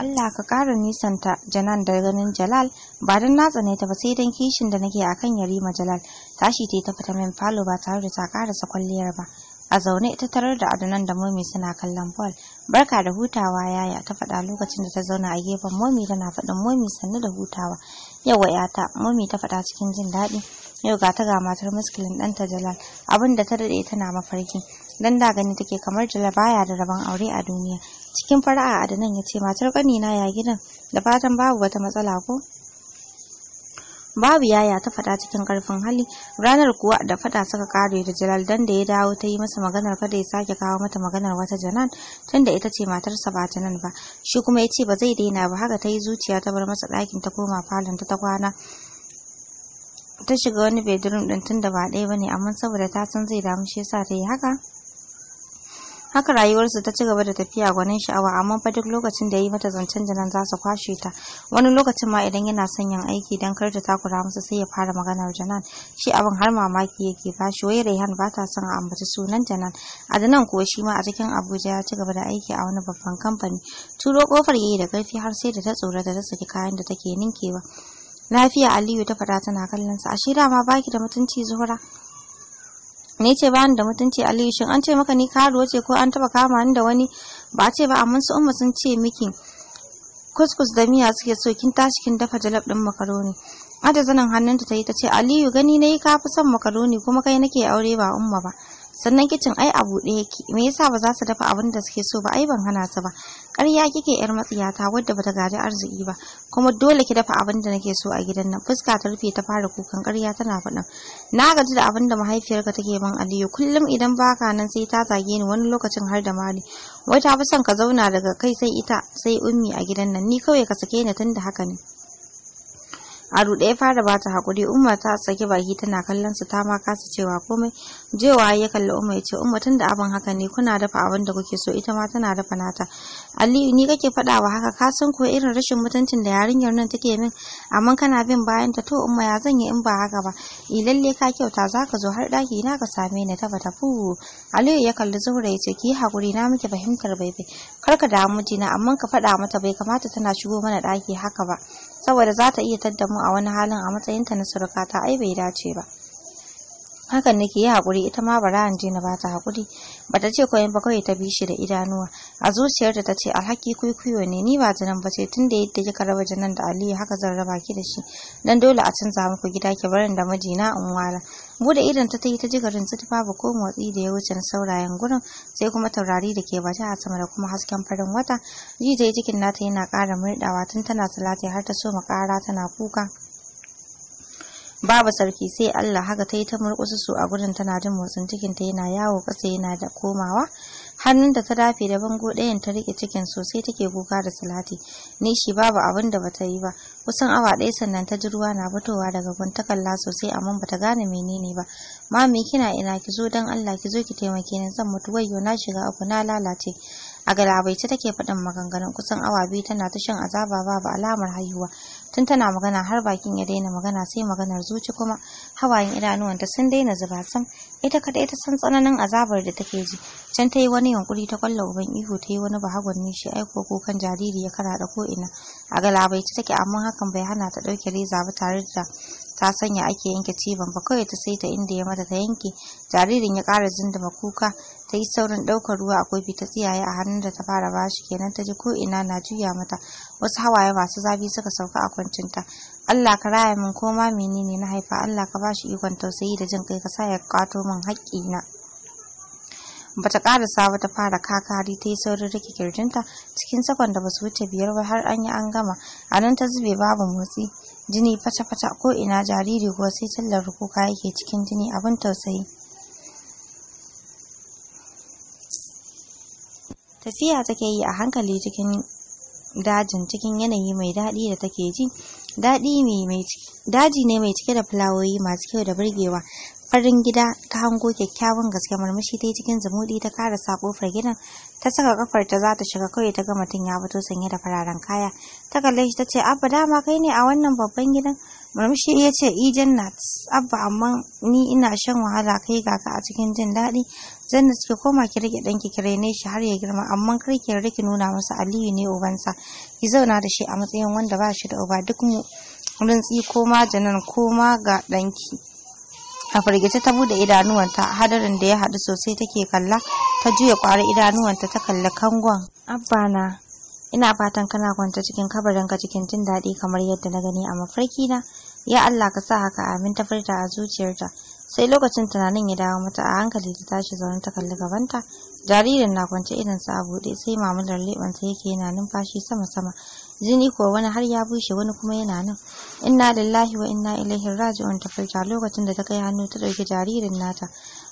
Allah ka ƙara nisanta Janan da ganin Jalal ba don na tsane ta ba sai don kishin da nake a akan Yarima Jalal tashi ta yi ta fita min falo ba tare da ta karasa kwalliyar ba a zaune ta tarar da adunan da Momi suna kallon ball barka da hutawa yaya ta faɗa lokacin da ta zauna a gefen Momi tana faɗin Momi sannu da hutawa yawa yata Momi ta faɗa cikin jin daɗi yau ga ta ga matar muskilin ɗanta Jalal abin da ta daɗe tana mafarki dan da gani take kamar Jalal baya da rabon aure a duniya Cikin fara'a nan ya ce, Matar ƙanina ya gidan, da fatan babu wata matsala ko? Babu yaya ta faɗa cikin ƙarfin hali, ranar kuwa da faɗa suka kare da Jalal dan da ya dawo ta yi masa maganar kada ya sake kawo mata maganar wata Janan tunda ita ce matarsa ba ta nan ba. Shi kuma ya ce ba zai daina ba haka ta yi zuciya ta bar masa ɗakin ta koma falon ta ta kwana. Ta shiga wani bedroom ɗin tunda ba ɗaya ba ne amma saboda ta san zai damu shi yasa ta yi haka. haka rayuwarsu ta ci gaba da tafiya gwanin sha'awa amma fa duk lokacin da ya yi mata zancen nan za su kwashe ta wani lokacin ma idan yana son yin aiki dan kar ta takura masa sai ya fara maganar janan shi abin har mamaki yake ba shi wai raihan ba ta son a ambaci sunan janan nan kuwa shi ma a cikin abuja ya ci gaba da aiki a wani babban kamfani turo kofar yayi da karfi har sai da ta da ta saki kayan da take ninkewa lafiya aliyu ta fada tana kallon sa ashe dama baki da mutunci zuhura ne ce bani da mutunci aliyu shin an ce maka ni karuwa ce ko an taba kama ni da wani ba a ce ba amma su umma sun ce miki kuskus da miya suke so kin tashi kin dafa jalab din makaroni ada zanin hannunta ta yi ta ce aliyu gani na yi ka son makaroni kuma kai nake aure ba umma ba sannan kicin ai a buɗe yake me yasa ba za su dafa abin da suke so ba ai ban hana su ba ƙarya kike yar matsiyata wadda bata gaji arziki ba kuma dole ki dafa abin da nake so a gidan nan fuska ta rufe ta fara kukan ƙarya tana faɗin na gaji da abin da mahaifiyarka take ban aliyu kullum idan baka nan sai ta zage ni wani lokacin har da mali wai ta fi son ka zauna daga kai sai ita sai ummi a gidan nan ni kawai ka sake ni tunda haka ne a ruɗe ya fara bata hakuri umma ta saki baki tana kallon su ta ma kasa cewa komai jewa ya kalli umma ya ce umma da abin haka ne kuna dafa abin da kuke so ita ma tana dafa nata aliyu ni kake faɗawa haka ka san ko irin rashin mutuncin da yarinyar nan take min amma kana bin bayan ta to umma ya zan yi in ba haka ba i lalle ka kyauta zaka zo har ɗaki na ka same ni tafa tafu aliyu ya kalli zuhura ya ce ki hakuri na miki fahimtar baibai kar ka damu na amma ka faɗa mata bai kamata tana shigo mana ɗaki haka ba saboda za ta iya tadda mu a wani halin a matsayinta na surukata ai bai dace ba hakan nake yi hakuri ita ma bara je na bata hakuri bata ce koyin ba kawai ta bi shi da idanuwa a zuciyarta ta ce alhaki kuikuyo ne ni ba janan ba ce tunda yadda kika raba nan da Aliyu haka zan raba ki da shi dan dole a canza muku gida ki barin da majina in wala bude idan ta yi ta ji garin ta babu ko motsi da ya wuce na saurayen gurin sai kuma taurari da ke baje a sama da kuma hasken farin wata ji cikin nata yana kara murɗawa tun tana salati har ta so kara tana kuka babu sarki sai Allah haka ta yi ta murƙusa su a gurin tana jin motsin cikinta yana yawo ƙasa yana da komawa da ta dafe da bango ɗayan ta rike cikin sosai take kuka da salati Ni shi babu abin da bata yi ba kusan awa ɗaya sannan ta ji ruwa na fitowa daga kalla sosai amma bata gane menene ba mami kina ina ki zo dan Allah ki zo ki taimake ni zan mutu wayyo na shiga uku na lalace a galabaice take faɗin maganganun kusan awa biyu tana ta shan azaba babu alamar haihuwa tun tana magana har bakin ya daina magana sai maganar zuci kuma hawayen idanuwanta sun daina zuba sam ita kadai ta san tsananin azabar da take ji can ta yi wani yunkuri ta kwalla uban ihu ta yi wani bahagon nishi aiko kukan jariri ya kara da ko ina a galabaice take amma hakan bai hana ta ɗauke reza ba tare da ta sanya ake yanke cibin ba kawai ta sai saita inda ya mata ta yanke jaririn ya ƙara ma kuka ta yi saurin ɗaukar ruwa a kofi ta tsiyaye a hannun da ta fara bashi kenan ta ji ko ina na juya mata wasu hawaye masu zafi suka sauka a ta Allah ka raya min ko ma menene na haifa Allah ka bashi ikon tausayi da jin kai ka sa ya kwato min haƙƙina bata karasa ba ta fara kakari ta yi saurin rike kirjinta cikin sakon da basu wuce biyar ba har an yi an gama a nan ta zube babu motsi jini fata-fata ko ina jariri kuwa sai tallar kuka yake cikin jini abin tausayi tafiya take yi a hankali cikin dajin cikin yanayi mai daɗi da take ji daji ne mai cike da fulawoyi masu kyau da burgewa farin gida ta hango kyakkyawan gaske murmushi ta yi cikin zumuɗi ta sa kofar gidan ta saka kafar ta za ta shiga kawai ta ga mutum ya fito sanye da fararen kaya ta kalle shi ta ce abba dama kai ne a wannan babban gidan murmushi ya ce i e, jannat abba amma ni ina shan wahala kai ga ka a cikin jin daɗi zanna suke koma ki rike ɗanki ki raine shi har ya girma amma kar ki rike nuna masa aliyu ne ubansa ki zauna da shi a matsayin wanda ba shi da uba duk mu rintsi ko ma ko ma ga ɗanki a firgice ta bude idanuwanta hadarin da ya haɗu sosai take kalla ta juya kwara idanuwanta ta kalla kangon abba na ina fatan kana kwanta cikin kabarin ka cikin jin daɗi kamar yadda na gani a mafarki na ya Allah ka sa haka amin ta furta a zuciyarta sai lokacin tunanin ya dawo mata a hankali ta tashi zaune ta kalli gabanta jaririn na kwance idansa a buɗe sai mamular leɓanta yake yana numfashi sama-sama jini ko wani har ya bushe wani kuma yana nan inna lillahi wa inna ilaihi raji'un ta furta lokacin da ta kai hannu ta dauki jaririn nata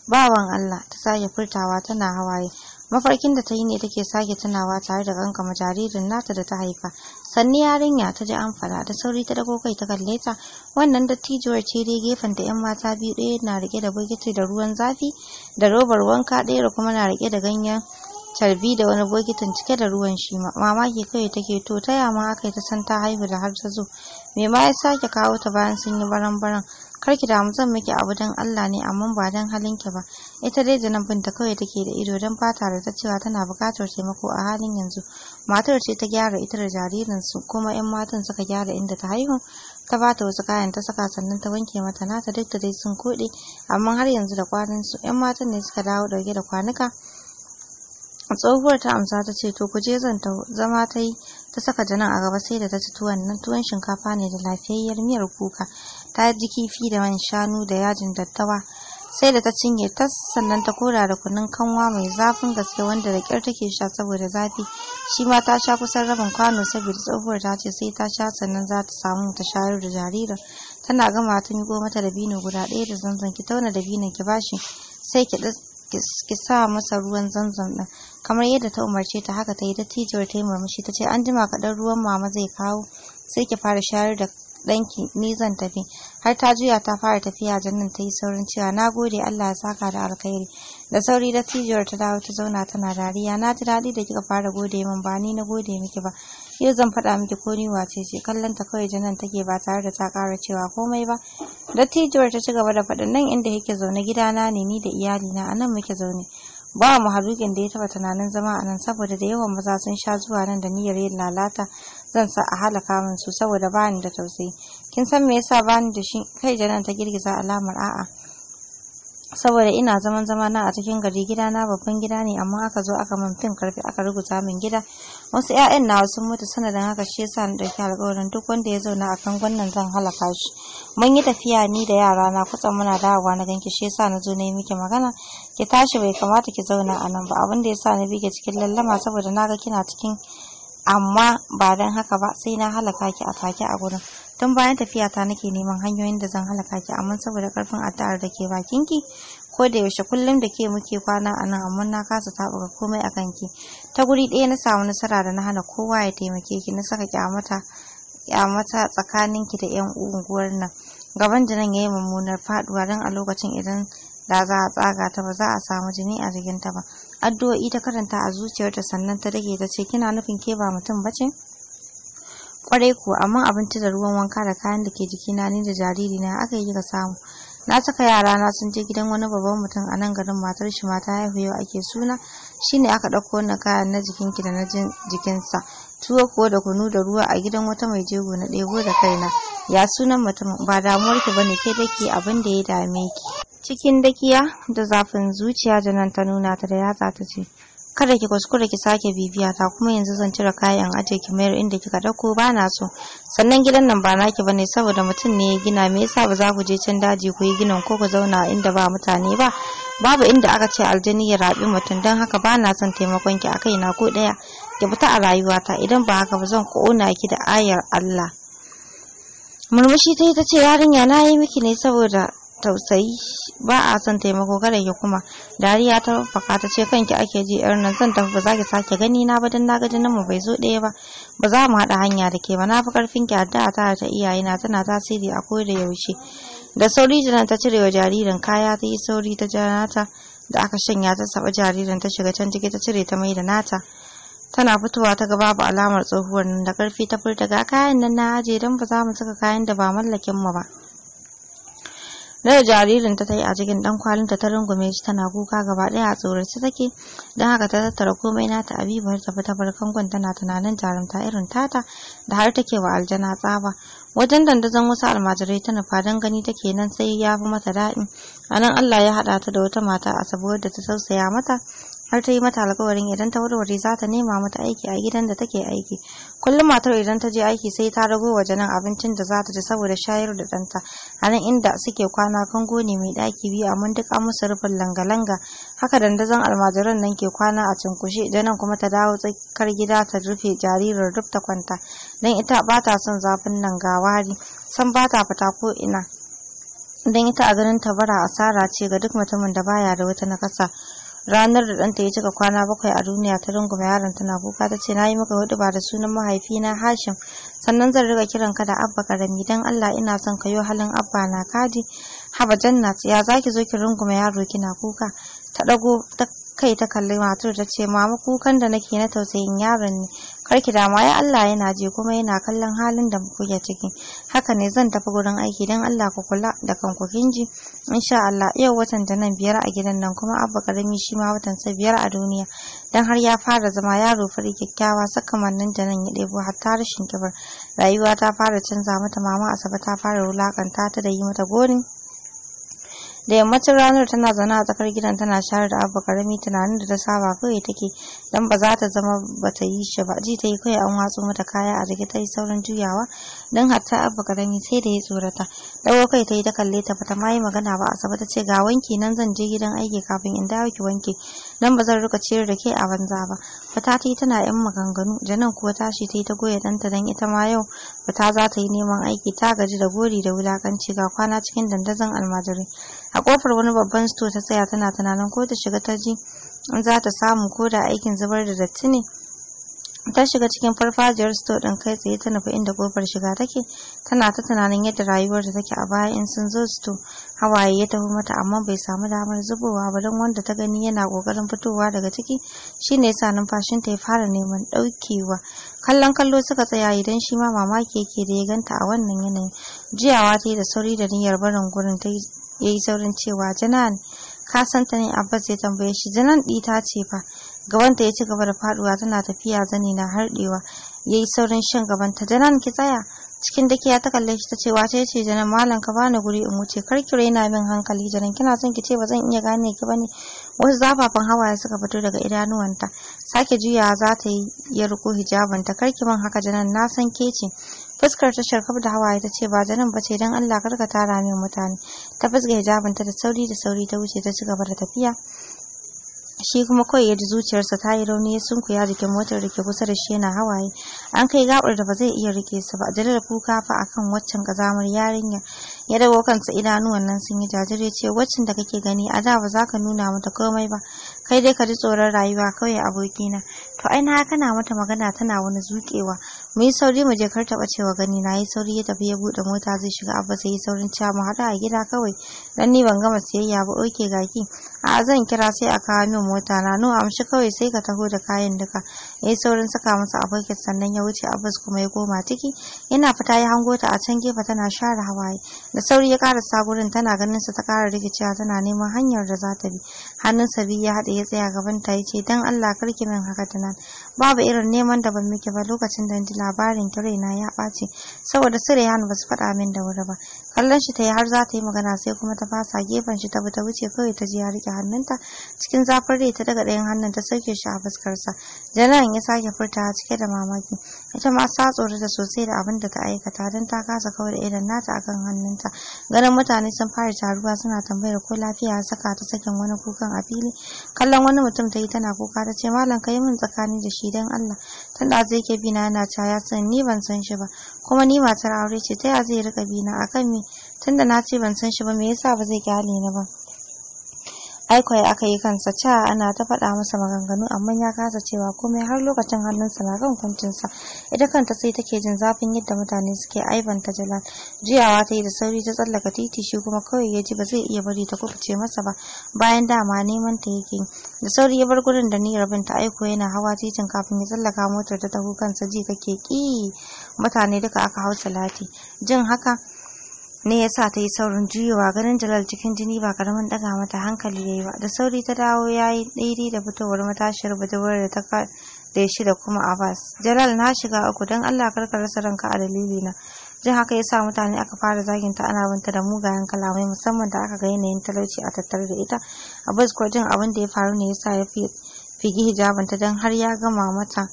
bawan Allah ta sake furtawa tana hawaye mafarkin da ta yi ne take sake tunawa tare da kankama jaririn nata da ta haifa sanni yarinya ta ji an fada da sauri ta dago kai ta kalle ta wannan dattijuwar ce dai gefen da yan mata biyu ɗaya na rike da bokiti da ruwan zafi da robar wanka ɗaya kuma na rike da ganyen Tarbi da wani bokitin cike da ruwan shima mamaki kawai take to taya ma aka yi ta san ta haihu da har ta zo me ma ya sake kawo ta bayan sun yi baran-baran kar ki damu zan miki abu don Allah ne amma ba dan halin ki ba ita dai da nan binta kawai take da ido don fata da ta cewa tana buƙatar taimako a halin yanzu matar ce ta gyara ita da jaririn su kuma yan matan suka gyara inda ta haihu ta bata wasu kayan ta saka sannan ta wanke mata nata duk da dai sun koɗe amma har yanzu da kwanan su yan matan ne suka dawo dauke da kwanuka tsohuwar ta amsa ta ce to ku je zan ta zama ta yi ta saka janan a gaba sai da ta ci tuwon nan tuwon shinkafa ne da lafiyayyar miyar kuka ta ji kifi da man shanu da yajin dattawa. sai da ta cinye ta sannan ta kora da kunun kanwa mai zafin gaske wanda da kyar take sha saboda zafi shi ma ta sha kusan rabin kwano saboda tsohuwar ta ce sai ta sha sannan za ta samu ta shayar da jaririn tana gama ta miƙo mata dabino guda ɗaya da zanzan ki tauna dabinon ki bashi sai ki ki sa masa ruwan zamzam ɗin. kamar yadda ta umarce ta haka ta yi dattijuwar ta yi murmushi ta ce an jima kaɗan ruwan mama zai kawo sai ki fara shayar da ɗanki ni zan tafi har ta juya ta fara tafiya jannan ta yi saurin cewa na gode Allah ya saka da alkhairi da sauri dattijowar ta dawo ta zauna tana dariya na ji daɗi da kika fara gode min ba ni na gode miki ba Yau zan faɗa miki ko ni wace ce, kallon ta kawai janan take ba tare da ta ƙara cewa komai ba. Dattijuwar ta ci gaba da faɗin nan inda yake zaune gidana ne ni da iyalina a nan muke zaune. Ba mu halukin da ya taɓa tunanin zama a nan saboda da yawan maza sun sha zuwa nan da niyyar yin lalata zan sa a halaka min su saboda ba ni da tausayi. Kin san me yasa ba ni da shi? Kai janan ta girgiza alamar a'a. saboda ina zaman zama na a cikin gari gidana babban gida ne amma aka zo aka man fin karfi aka rubuta min gida wasu 'ya'yan na sun mutu sanadin haka shi yasa na ɗauki alƙawarin duk wanda ya zauna a kan gwannan zan halaka shi mun yi tafiya ni da yara na kusan muna dawowa na ganki shi yasa na zo na yi miki magana ki tashi bai kamata ki zauna a nan ba abin da yasa na bi ki cikin lallama saboda na ga kina cikin amma ba don haka ba sai na halaka ki a take a gurin tun bayan tafiyata nake neman hanyoyin da zan halaka ki amma saboda karfin addu'ar da ke bakin ki ko da yaushe kullum da ke muke kwana a nan amma na kasa tabuka komai a kanki ta guri ɗaya na samu nasara da na hana kowa ya taimake ki na saka kyamata kyamata ki da yan unguwar nan gaban jinan yayi mummunar faduwa dan a lokacin idan da za a tsaga ta ba za a samu jini a jikinta ba addu'o'i ta karanta a zuciyarta sannan ta dage ta ce kina nufin ke ba mutum bace kwarai ko amma abinci da ruwan wanka da kayan da ke jikina ni da jaririna aka yi ka samu na saka yara na sun je gidan wani babban mutum a nan garin matar shi mata haihu yau ake suna shine aka ɗauko wannan kayan na jikin ki da na jin jikinsa tuwo kuwa da kunu da ruwa a gidan wata mai jego na ɗebo da kaina ya sunan mutum ba damuwar damuwarki bane ke dake abin da ya dame ki cikin dakiya da zafin zuciya nan ta nuna ta da yatsa ta ce kada ki kuskure ki sake bibiyata, kuma yanzu zan cire kayan aje ki mayar inda kika dauko ba na so sannan gidan nan ba naki bane saboda mutum ne ya gina me yasa ba za ku je can daji ku yi ginin ko ku zauna inda ba mutane ba babu inda aka ce aljini ya rabi mutum don haka ba na son taimakon ki akai na ko daya ki fita a rayuwata idan ba haka ba zan kona ki da ayar Allah murmushi ta yi ta ce yarinya na yi miki ne saboda tausayi ba a son taimako kada ki kuma dariya ta faka ta ce kanki ake ji yar nan zan tafi ba za ki sake gani na ba dan na ga mu bai zo ɗaya ba ba za mu haɗa hanya da ke ba na fi karfin ki addu'a ta ta iyaye na tana tasiri a da yaushe da sauri jinan ta cire wa jaririn kaya ta yi sauri ta janata da aka shanya ta saba jaririn ta shiga can ciki ta cire ta mai da nata tana fitowa ta ga babu alamar tsohuwar nan da karfi ta furta ga kayan nan na aje don ba za mu saka kayan da ba mallakin mu ba da jaririnta ta yi a jikin dan kwalin ta rungume shi tana kuka gaba daya a ta take dan haka ta tattara komai nata abibar ta fita barkangon tana tunanin jarumta irin tata da har take wa aljana tsaba wajen dandazon wasu almajirai ta nufa dan gani take nan sai ya fi mata daɗi a nan allah ya haɗa ta da wata mata a sabuwar da ta sausaya mata har ta yi mata alkawarin idan ta warware za ta nema mata aiki a gidan da take aiki kullum matar idan ta je aiki sai ta rago waje nan abincin da za ta ci saboda shayar da ɗanta a nan inda suke kwana kango ne mai ɗaki biyu a mun duka musu rufin langa-langa haka dandazon almajiran nan ke kwana a cinkushe da nan kuma ta dawo tsakar gida ta rufe jaririn duk ta kwanta don ita ba ta son zafin nan ga wari san ba ta fita ko ina dan ita a ganin ta bara asara ce ga duk mutumin da baya da wata nakasa ranar da ɗanta ya cika kwana bakwai a duniya ta rungume yaron tana kuka ta ce na yi maka hudu ba da sunan mahaifina hashim sannan zan riga kiran ka da abba karami dan allah ina son ka yi halin abba na kadi haba janna ya zaki zo ki rungume yaro kina kuka ta ɗago ta kai ta kalli matar ta ce mama kukan da nake na tausayin yaron ne karki dama ya Allah yana je kuma yana kallon halin da kuke ciki haka ne zan tafi gurin aiki dan Allah ku kula da kanku kinji insha Allah yau watan da nan biyar a gidan nan kuma abba karami shi ma watan sa biyar a duniya dan har ya fara zama yaro fari kyakkyawa sakamannin da nan ya ɗebo ta rashin kibar rayuwa ta fara canza mata mama asabe ta fara wulakanta ta da yi mata gorin da yammacin ranar tana zaune a tsakar gidan tana share da abu karami tunanin da ta saba kawai take dan ba za ta zama ba ta yi shi ba ji ta yi kawai an watso mata kaya a jiki ta yi saurin juyawa don hatta abu karami sai da ya tsorata dawo kai ta yi ta kalle ta bata ma magana ba asabe ta ce ga wanki nan zan je gidan aiki kafin in dawo ki wanke dan ba zan rika ciyar da ke a banza ba fata ta yi tana yan maganganu janan kuwa tashi ta yi ta goya danta dan ita ma yau fita za ta yi neman aiki ta gaji da gori da wulakanci ga kwana cikin dandazon almajirai a kofar wani babban sto ta tsaya tana tunanin ko ta shiga ta ji in za ta samu ko da aikin zubar da datti ne ta shiga cikin farfajiyar sto din kai tsaye ta nufa inda kofar shiga take tana ta tunanin yadda rayuwar ta take a baya in sun zo sto hawaye ya tafi mata amma bai samu damar zubowa ba don wanda ta gani yana kokarin fitowa daga ciki shine yasa ta ya fara neman daukewa kallon kallo suka tsaya idan shi ma mamaki yake da ya ganta a wannan yanayin jiyawa ta yi da sauri da niyyar barin gurin ta yi saurin cewa janan ka santa ne Abba ya tambaye shi janan ɗi ta ce fa gabanta ya ci gaba da faduwa tana tafiya zani na harɗewa yayi saurin shan gabanta janan ki tsaya cikin dakiya ta kalle shi ta ce wace ce janan malam ka bani guri in wuce kar ki raina min hankali janan kina son ki ce ba zan iya gane ki bane wasu zafafan hawaye suka fito daga idanuwanta sake juya za ta yi ya riko hijabanta kar ki man haka janan na san ke ce fuskar ta sharkaf da hawaye ta ce ba janan ba ce dan Allah kar ka tara min mutane ta fuska hijabanta da sauri da sauri ta wuce ta ci gaba da tafiya shi kuma kawai ya ji zuciyarsa ta yi rauni ya sunkuya jikin motar da ke kusa da shi yana hawaye an kai gabar da ba zai iya rike su ba jalar kuka fa akan waccan kazamar yarinya ya dago kansa idanuwan nan sun yi jajir ce waccin da kake gani a da ba za ka nuna mata komai ba kai dai ka ji tsoron rayuwa kawai abokina to ai na kana mata magana tana wani zukewa mu yi sauri mu je kar taɓa cewa gani na yi sauri ya tafi ya buɗe mota zai shiga abba sai yi saurin cewa mu hada a gida kawai dan ni ban gama siyayya ba oke gaki a zan kira sai a kawo min mota na no amshi kawai sai ka taho da kayan duka ya yi saurin saka masa abokin sannan ya wuce abbas kuma ya koma ciki yana fita ya hango ta a can gefe tana share hawaye da sauri ya kara sagurin tana ganin sa ta kara rikicewa tana neman hanyar da za ta bi hannun sa biyu ya haɗa ya tsaya gaban ta yace dan Allah kar ki min haka tana babu irin neman da ban miki ba lokacin da ji labarin ki na ya ɓace. saboda su Rehan ba su faɗa min da wuri ba kallon shi ta yi har za ta yi magana sai kuma ta fasa gefen shi ta ta wuce kawai ta ji ya rike hannunta cikin zafin rai ta daga ɗayan hannun ta sauke shi a fuskarsa janan ya sake furta a cike da mamaki ita ma sa tsoro da sosai da abin da ta aikata don ta kasa kawar da idan nata akan hannunta ganin mutane sun fara taruwa suna tambayar ko lafiya ya saka ta sakin wani kukan a fili kallon wani mutum ta yi tana kuka ta ce malam ka yi min tsakani da shi Idan Allah tunda zai ke bina yana ta ya san ni ban san shi ba kuma ni matar aure ce ta ya zai rika bina akan me tunda na ce ban san shi ba me yasa ba zai kyale ni ba aikwai aka yi kansa ca ana ta faɗa masa maganganu amma ya kasa cewa komai har lokacin hannunsa na kan kuncinsa ita kanta sai take jin zafin yadda mutane suke ta jalal jiyawa ta yi da sauri ta tsallaka titi shi kuma kawai ya ji ba zai iya bari ta kubuce masa ba bayan dama neman ta yake da sauri ya bar gurin da ni rabin ta aiko yana hawa titin kafin ya tsallaka motar ta taho kansa ji kake ki mutane duka aka hau talati jin haka ne ya sa ta yi saurin juyowa ganin jalal cikin jini ba karamin daga mata hankali ya yi ba da sauri ta dawo ya yi daidai da fitowar matashiyar budurwar da ta da shi da kuma abbas jalal na shiga uku don allah karka rasa ranka a dalili na jin haka ya sa mutane aka fara zagin ta ana binta da mugayen kalamai musamman da aka ga yanayin talauci a tattare da ita abbas ko jin abin da ya faru ne ya sa ya fi figi hijabanta don har ya gama mata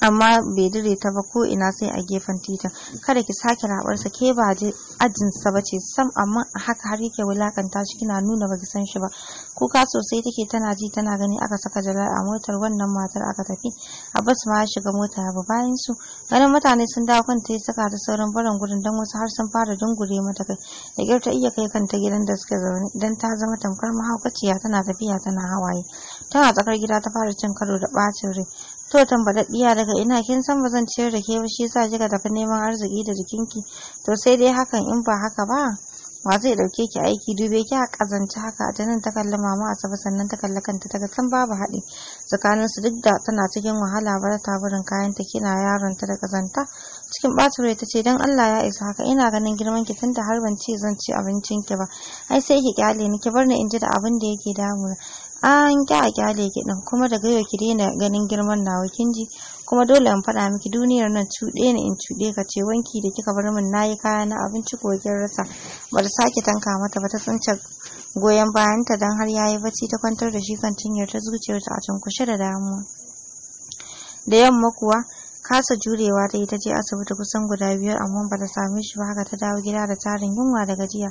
amma bai dire ta ba ko ina sai a gefen titin kada ki sake rabarsa ke ba ajinsa ba ce sam amma a haka har yake wulakanta shi kina nuna baki san shi ba kuka sosai take tana ji tana gani aka saka jalal a motar wannan matar aka tafi abbas ma ya shiga mota ya bayan su ganin mutane sun dawo kan ta saka ta sauran baran gurin dan wasu har sun fara dungure mata kai da kyar ta iya kai kanta gidan da suka zaune dan ta zama tamkar mahaukaciya tana tafiya tana hawaye tana tsakar gida ta fara cin karo da bacin rai to tambadaddiya daga ina kin san ba zan ciyar da ke ba shi sa kika tafi neman arziki da jikinki to sai dai hakan in ba haka ba wa zai dauke ki aiki dube ki a kazanci haka A nan ta kalli mama asabe sannan ta kalli kanta ta san babu haɗi tsakanin su duk da tana cikin wahala ba ta burin kayan ta kina yaron ta da kazanta cikin bacin rai ce dan Allah ya isa haka ina ganin girman ki tunda har ban ce zan ci abincin ki ba ai sai ki kyale ni ki bar ni in ji da abin da yake damuna an ki a kyale ki din kuma daga yau ki daina ganin girman nawa kin ji kuma dole in faɗa miki duniyar nan cuɗe ni in cuɗe ka ce wanki da kika bar min nayi kaya na abinci ko kin rasa ba da sake tanka mata ba ta tsince goyon ta, dan har yayi bacci ta kwantar da shi kan cinyar ta zuciyarta a cunkushe da damuwa da yamma kuwa kasa jurewa ta yi ta je asibiti kusan guda biyar amma ba ta same shi ba haka ta dawo gida da tarin yunwa da gajiya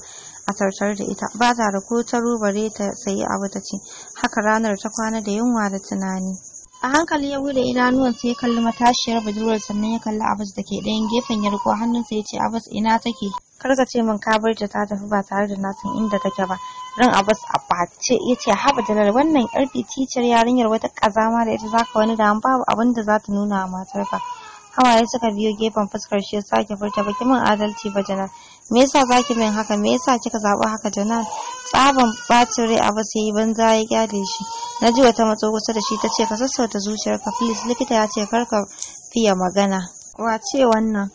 a tartar da ita ba ta da ko ta rubare ta sayi abu ta ce haka ranar ta kwana da yunwa da tunani a hankali ya bude idanuwan sai ya kalli matashiyar budurwar sannan ya kalli abas da ke ɗayan gefen ya riko hannunsa ya ce abas ina take kar ka ce min ka bar ta ta tafi ba tare da na san inda take ba ran abbas a face ya ce haba jalal wannan yar ticar yarinyar wata kazama da ita zaka wani da babu abin da za nuna a matarka hawaye suka biyo gefen fuskar shi ya sake furta baki min adalci ba janar me yasa zaki min haka me yasa kika zaɓi haka jalal tsaban bacin rai abu yayi banza ya gyade shi na ji wata matso kusa da shi ta ce ka sassauta zuciyarka please likita ya ce kar ka fiya magana wace wannan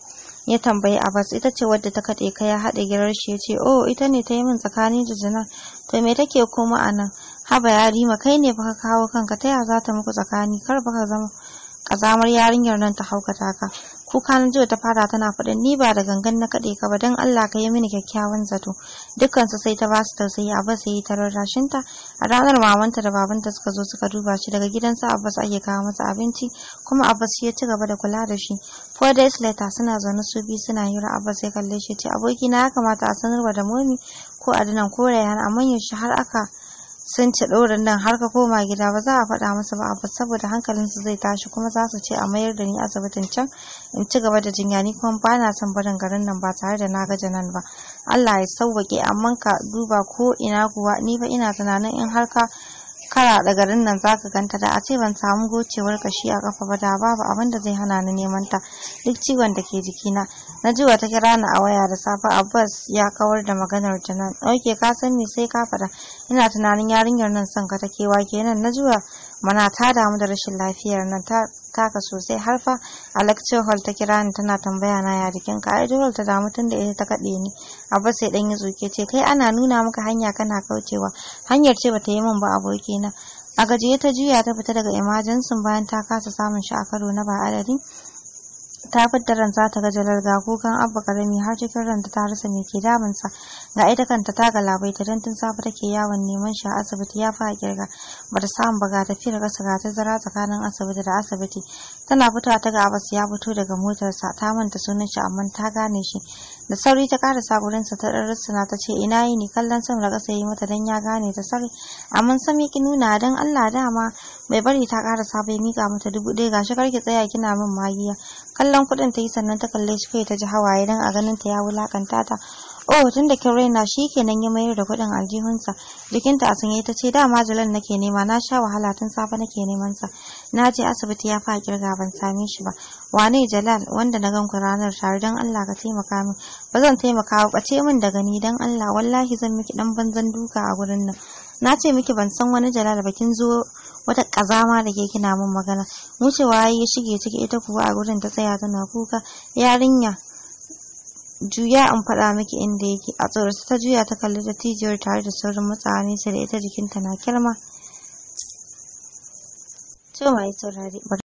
ya tambayi Abbas ita ce wadda ta kaɗe ka ya haɗe girar shi yace oh ita ne ta yi min tsakani da zinar to me take kuma a nan haba yarima kai ne baka kawo kanka ta ya za ta muku tsakani kar baka zama kazamar yarinyar nan ta haukata ka kuka na jiya ta fara tana faɗin ni ba da gangan na kaɗe ka ba don Allah ka yi mini kyakkyawan zato dukkansu sai ta basu tausayi abba ya yi ta rashinta. a ranar mamanta da babanta suka zo suka duba shi daga gidansa Abbas ake kawo masa abinci kuma Abbas ya ci gaba da kula da shi four days later suna zaune su biyu suna hira Abbas sai kalle shi ce aboki na ya kamata a sanarwa da momi ko adinan ko a amma yaushe har aka sun ci ɗorin nan har ka koma gida ba za a faɗa masa ba abu saboda su zai tashi kuma za su ce a mayar da ni asibitin can in ci gaba da jinya ni kuma ba na son barin garin nan ba tare da na gaji nan ba Allah ya sauwaƙe amma ka duba ko ina kuwa ni ba ina tunanin in har ka kara da garin nan zaka ganta da a ce ban samu gocewar kashi a kafa ba da babu abin da zai hana ni neman ta duk ciwon da ke jikina na ji wata kira ni a waya da safe Abbas ya kawar da maganar ta nan oke ka san me sai ka fada ina tunanin yarinyar nan son ka take wa kenan na juya mana ta damu da rashin lafiyar nan ta taka sosai har fa a lecture hall ta kira ni tana tambaya na ya jikin ka ai dole ta damu tunda ita ta kade ni abba sai dan ya zuke ce kai ana nuna maka hanya kana kaucewa hanyar ce bata yi min ba aboki na a gajiye ta juya ta fita daga emergency bayan ta kasa samun shi a karo na ba adadi ta fidda ran za ta ga ga kukan abba karami har cikin ranta ta rasa mai ke damunsa ga ita kanta ta galabaita don tun safe take yawon neman shi a asibiti ya fa kirga bata samu ba ga tafiyar kasa ga tazara tsakanin asibiti da asibiti tana fitowa ta ga abbas ya fito daga motarsa ta manta sunan shi amma ta gane shi da sauri ta karasa sa ta ɗan na ta ce ina yi ne kallon sam da ƙasa mata don ya gane ta sauri amma sam ya ki nuna don Allah dama Mai bari ta karasa bai mika mata dubu ɗaya gashi karki tsaya kina min magiya kallon kuɗin ta yi sannan ta kalle shi kai ta ji hawaye don a ganin ta ya wulakanta ta oh tun da kin raina shi kenan ya mayar da kuɗin aljihunsa jikinta a sanye ta ce dama Jalal nake nema na sha wahala tun safe nake neman sa na je asibiti ya fa kirga ban same shi ba wane jalal wanda na gan ku ranar tare dan Allah ka taimaka min ba zan taimaka ba bace min daga ni dan Allah wallahi zan miki dan banzan duka a gurin nan na ce miki ban san wani jalal ba kin zo wata kazama da ke kina min magana waye ya shige ciki ita kuwa a gurin ta tsaya tana kuka yarinya juya in faɗa miki inda yake a tsorata ta juya ta kalli tijiyar tare da sauran matsawa nesa da ita jikinta na kirma. to mai saurare